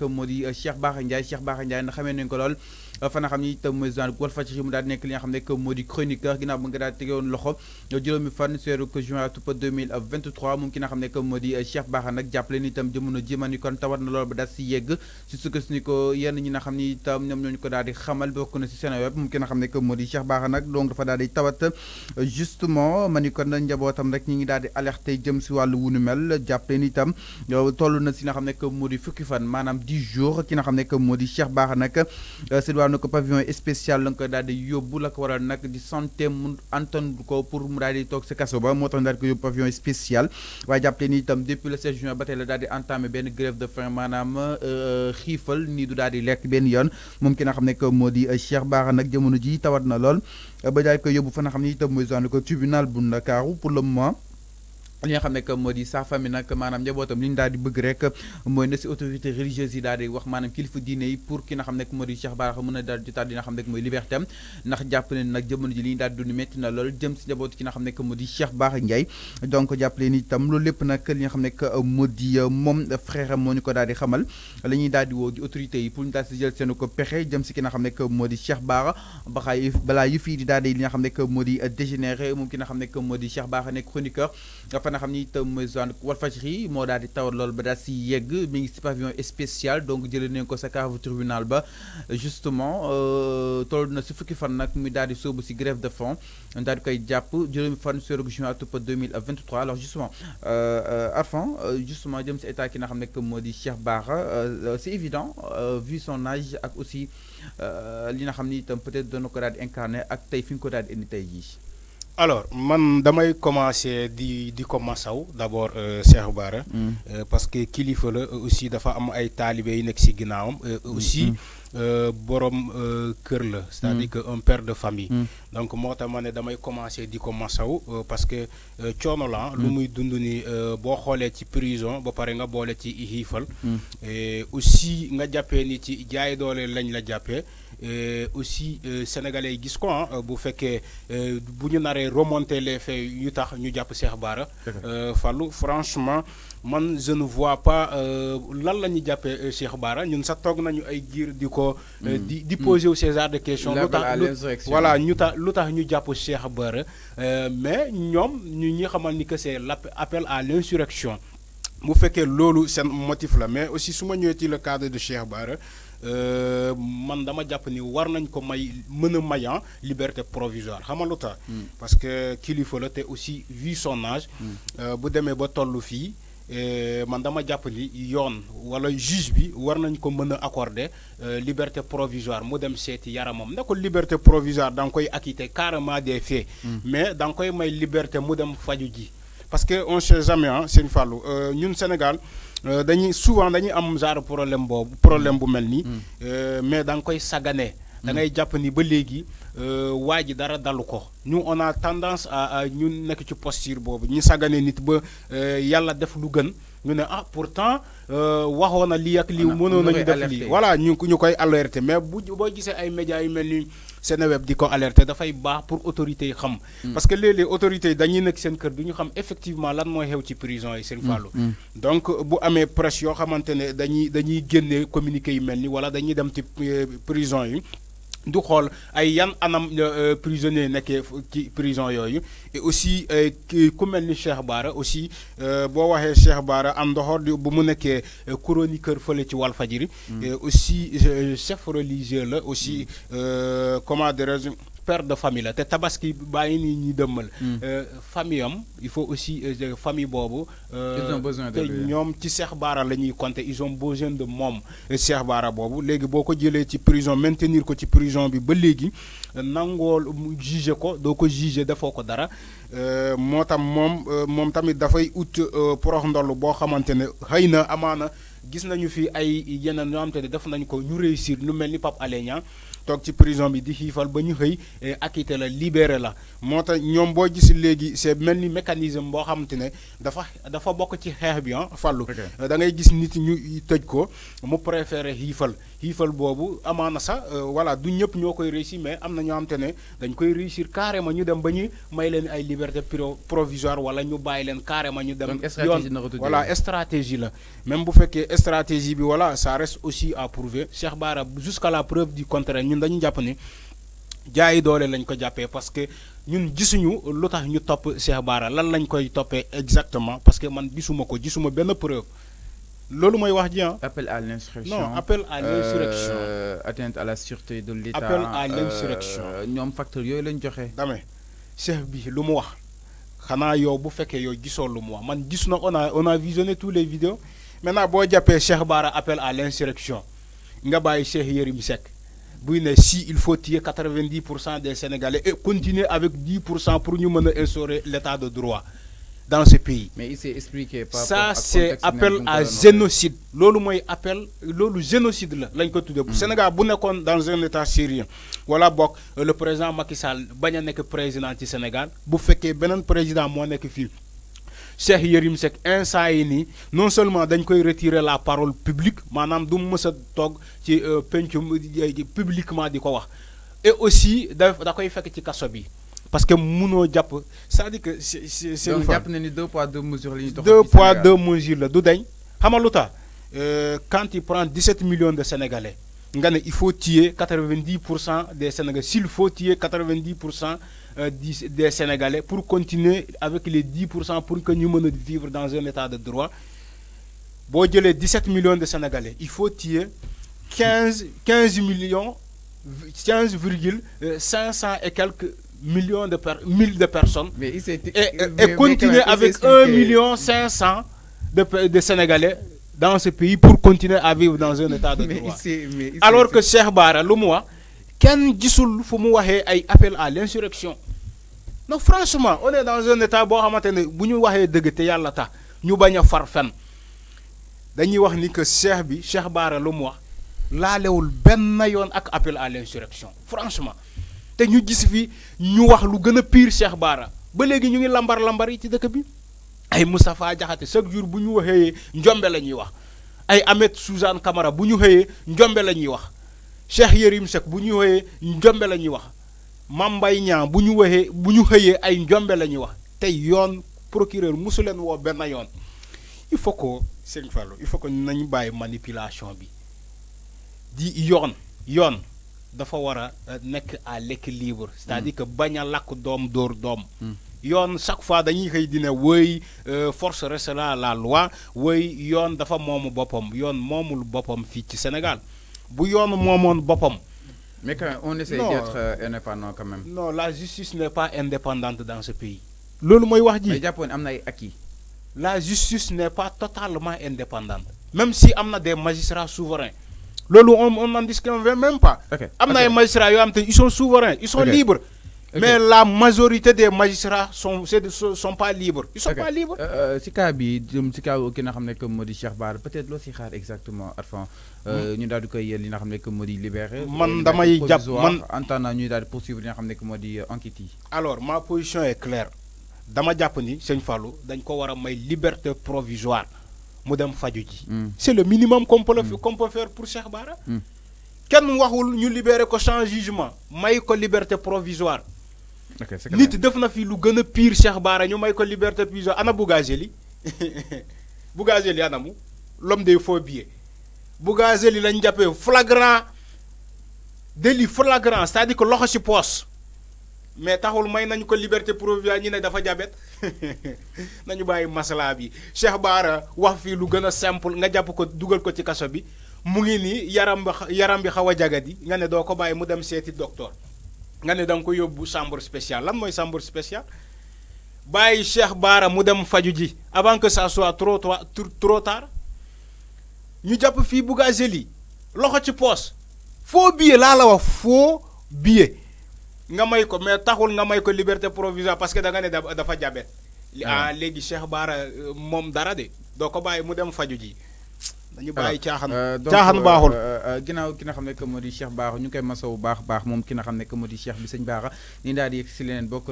comme moo di euh, Cheikh Bara Ndiaye Cheikh Bara Ndiaye ndax xamee nañu ko lool euh, fa nga xam ni itam mooy journal Walf Fadjri mu daal nekk li nga xam ne que moo di chroniqueur ginnaaw ba nga daal tegewoon loxo euh, juróomi fan que juin atoupa 2023 moom ki nga xam ne que moo di Cheikh Bara nag jàppale ni itam jamono ji man kon tawat na lool ba daal si yegg si sukkandiku yenn ñi nga xam ni itam ñoom ñooñu ko daal di xamal bokk na si seen web moom ki nga xam ne que moo di Cheikh Bara nag donc dafa daal di tawat justement ma ni kon njabootam rek ñi ngi daal di alerter jëm si wàllu wunu mel jàppale ni itam toll na si nga xam ne que moo di fukki fan maanaam du jour ki n'a xam que Modi Cheikh Bara nak si diwaanu ko pavillon spécial donc dal di yobou la ko waral nak di santé mu anton ko pour mu dal di tok ce casso ba moo tax daal di ko pavillon spécial depuis le 16 juin ba la daal di entamer ben grève de faim manama euh, xiifal ni du dal di lek ben n'a ramené ki na xam que Modi euh, Cheikh Bara nak jamono ji tawat na lol ba jay ko yobou fa na xamni de moy zone ko tribunal bu Ndakaaru pour le moment li nga xam ne que moo di saafami nag maanaam njabootam li ñu daal di bëgg rek moy na ci autorité religieuse yi daal di wax manam kilifa diine yi pour ki nga xam ne modi Cheikh Bara mëna a daal jotaat li nga xam ne mooy liberté am ndax jàpp leen nak jamono ji li ñu daal du dund métti na lool jëm ci njabootu ki nga xam ne modi Cheikh Bara Ndiaye donc japp leen tam lool lepp nak li nga xam ne modi mom frère am ñu ko daal di xamal la ñuy daal di wo di autorité yi pour ñu daal ci jël seen ko pexe jëm ci ki nga xam ne modi di Cheikh Bara baxaay balaa yu fii di daal di li nga xam ne modi dégénéré moom ki nga xam ne modi Cheikh Bara nek chroniqueur fa nga xam ni itam mooy zone Walfadjri moo daal di tawat loolu ba daal si yegg mi ngi si pavillon spécial donc jëlee nañ ko sa cave tribunal ba justement euh, toll na si fukki fan nag mu daal di sóobu si grève de fond daal di koy jàpp juróomi fan si weeru juin atub 2023 alors justement euh, euh, Arfan justement jëm si état ki nga xam ne moo di Cheikh Bara c'est évident vu son âge ak aussi li nga xam ni itam peut-être doona ko daal di incarné ak tey fi nga ko daal di indi tey jii alors man damay commencer di di ko masaw d'abord euh, Cheikh Bara mm. euh, parce que kilifa la euh, aussi dafa am ay taalibe yu nekk si ginnaawam mm, aussi mm. Euh, borom euh, kër la c'est-à-dire mm. que un père de famille mm. donc moo tax ma damay commencer di ko masaw euh, parce que euh, coono la lu mm. muy dund ni bo xolé ci prison ba paré nga boole ci ihifal et aussi nga jappé ni ci jaay doolé lañ la jappé jàppee aussi sénégalais yi gis ko hein, bu fekkee bu ñu naré remonter les faits yu tax ñu jàpp Cheikh Bara fallu franchement man je ne vois pas lan lañu jappé Cheikh Bara ñun sa tok nañu ay giir di Mm. Eh, de poser au César des questions. voilà nous eh, mais nous, que c'est l'appel à l'insurrection que fait motif là, mais aussi souvent nous le cadre de Cheikh avons eh, man dama war nañ ko may hein, liberté provisoire mm. parce que kilifa la aussi vu son âge mm. Eh, man dama jàpp ni yoon wala juge bi war nañ ko mën accorder eh, liberté provisoire mu dem seeti yaramam ne ko liberté provisoire da nga koy acquitter carrément des faits. Hmm. mais da nga koy may liberté mu dem faju ji. parce que on sait jamais ah hein, sëñ Fallou eh, ñun Sénégal dañuy souvent dañuy am genre problème boobu problème bu mel nii. Hmm. mais da nga koy sagané hmm. da ngay jàpp ni ba léegi. Euh, waa dara dalu ko ñu on a tendance à ñun nekk ci posture bobu ñi sagane nit ba euh, yalla def lu gën ñu ne ah pourtant euh, waxoon na lii ak li mëno nañu def li voilà ñu ñu koy alerter mais bu bo gisé ay médias yu melni ni Seneweb di ko alerter dafay baax pour autorité xam hmm. parce que les les autorités yi dañuy nekk seen kër du xam effectivement lan mooy xew ci prison yi seen hmm. fàllu hmm. donc bu amee presse yoo xamante ne dañuy dañuy génne communiqué yu mel ni wala dañuy dem ci prison yi du xool ay yan anam euh, prisonnier nekkee ci prison yoyu et aussi euh, ku mel ni Cheikh Bara aussi euh, bo waxee Cheikh Bara am ndoxoor bu mu nekkee chroniqueur feulé ci mm. et aussi chef religieux la aussi mm. comment de je de famille la tabaski baa ngi ni famille il faut aussi euh, famille bobo euh, ils ont besoin de te hein. ils ont besoin de de euh, prison maintenir ko prison bi ba jugé juger ko do ko juger defoo ko dara euh motam mom mom tamit gis nañu fi ay réussir tok ci prison bi di xiifal ba ñu xëy acquitté la libéré la moo tax ñoom boo gis léegi c'est mel ni mécanisme boo xamante ne dafa dafa bokk ci xeex bi ah fàllu da ngay gis nit ñu tëj ko mu préféré xiifal xiifal boobu amaana sa euh, voilà du ñëpp ñoo koy réussir mais am na ñoo xamante ne dañ koy réussir carrément ñu dem ba ñu may leen ay liberté provisoire wala ñu bàyyi leen carrément ñu dem yoon voilà stratégie la même bu fekkee stratégie bi voilà ça reste aussi à prouver Cheikh Bara jusqu'à la preuve du contraire japonais dañu japp ni jaay doole lañ ko parce que ñun ñu Cheikh Bara lan lañ koy exactement parce que man gisuma ko gisuma preuve wax ah. appel à non appel à l'insurrection euh, atteinte à la sûreté de l'État appel à euh, l'insurrection facteur lañ bi wax yow bu on a on a visionné tous les vidéos maintenant Cheikh appel à l'insurrection nga Cheikh Yérim si il faut tirer 90% des Sénégalais et continuer avec 10% pour nous instaurer l'état de droit dans ce pays. mais il s'est expliqué par ça c'est appel à génocide loolu est appel le génocide la hmm. Sénégal bu dans un état syrien Voilà le président Macky Sall bañ président du Sénégal bu que le président moo nekk Cheikh Sek insaini non seulement dañ koy retirer la parole publique mais du ci euh, euh, publiquement et aussi da koy fekk ci kasso bi parce que mënoo japp cest à que c'est c'est japp deux poids deux mesures deux poids deux mesures euh, quand il prend 17 millions de sénégalais il faut tuer 90% des Sénégalais. S'il faut tuer 90% euh, des Sénégalais pour continuer avec les 10% pour que nous vivions vivre dans un état de droit. Bon, il 17 millions de Sénégalais. Il faut tuer 15, 15 millions, euh, et quelques millions de, de personnes. et continuer avec 1 million 500 de Sénégalais dans ce pays pour continuer à vivre dans un état de droit. mais ici, mais alors que Cheikh Bara lu mu Ken kenn gisul appel à l'insurrection non franchement on est dans un état boo xamante ne bu ñu waxee dëgg te yàlla tax ñu bañ a far fen dañuy wax ni que Cheikh bi Cheikh Bara ak appel à l'insurrection franchement te ñu gis fi ñu wax pire Cheikh Bara ba léegi ñu ngi lambar lambar yi ci bi ay Moustapha Diakhaté chaque jour bu ñu waxee Amet wax ay Ahmed Suzanne Camara bu ñu xëyee njombe la wax Cheikh Yérim Sek bu ñu xëyee njombe la wax Mam Mbaye Niang bu ñu ay njombé lañuy wax tay yoon procureur mosu leen woo il faut que Serigne Fallo il faut que nañ bàyyi manipulation bi di yoon yoon dafa wara euh, nek à l'équilibre c'est-à-dire mm. que baña lak dor yoon chaque fois dañuy xëy dina wëy euh, force restera la loi wëy yoon dafa moomu boppam yoon moomul boppam fii ci Sénégal bu yoon moomoon boppam. mais quand on essaie d'être euh, indépendant quand même. non la justice n'est pas indépendante dans ce pays. loolu mooy wax ji mais am na ay acquis. la justice n'est pas totalement indépendante même si am na des magistrats souverains. loolu on on n'en discute même pas. am na ay magistrats yoo xam te ils sont souverains ils sont libres. Mais la majorité des magistrats sont, sont pas libres. Ils sont pas libres. Euh, euh, si Kabi, si Kabi, qui n'a jamais comme Modi Cherbar, peut-être l'autre Cherbar exactement. Enfin, nous avons que il n'a jamais que Modi libéré. Mandama En tant que nous avons poursuivre n'a jamais Modi enquêté. Alors ma position est claire. Dama Japoni, c'est une fallo. D'un coup, on a liberté provisoire. Madame Fadjoudi. Hmm. C'est le minimum qu'on peut, hmm. faire pour Cherbar. Mm. Quand nous avons libéré que sans jugement, mais que liberté provisoire. nit def na fi lu gën a pire Cheikh Bara ñu may ko liberté prison ana Bougazeli Bougazeli anamu l'homme des faux billets Bougazeli lañ jàppee flagrant délit flagrant c'est-à-dire ko loxo ci poos mais taxul may nañu ko liberté provisoire ñu ne dafa jabet nañu bàyyi maslaa bi Cheikh Bara wax fii lu gën a simple nga jàpp ko dugal ko ci kaso bi mu ngi nii yaram yaram bi xaw a jagadi nga ne doo ko bàyyi mu dem seeti docteur nga ne da ko yóbbu chambre spéciale lan mooy chambre spéciale bàyyi Cheikh Baara mu dem faju ji avant que ça soit trop trop tard ñu jàpp fii Bougazelli loxo ci poos faux billet laa la wax faux billet nga may ko mais taxul nga may ko liberté provisoire parce que da nga ne dafa jabet ah léegi Cheikh Baara euh, moom dara de doo ko bàyyi mu dem faju ji dañu bàyyi caaxaan euh, caaxaan euh, baaxul euh, ginnaaw ki nga xam ne que moo di Cheikh ñu koy masawu baax baax moom ki xam ne que moo di bi sëñ Bara ni daal di yegg si leneen bokk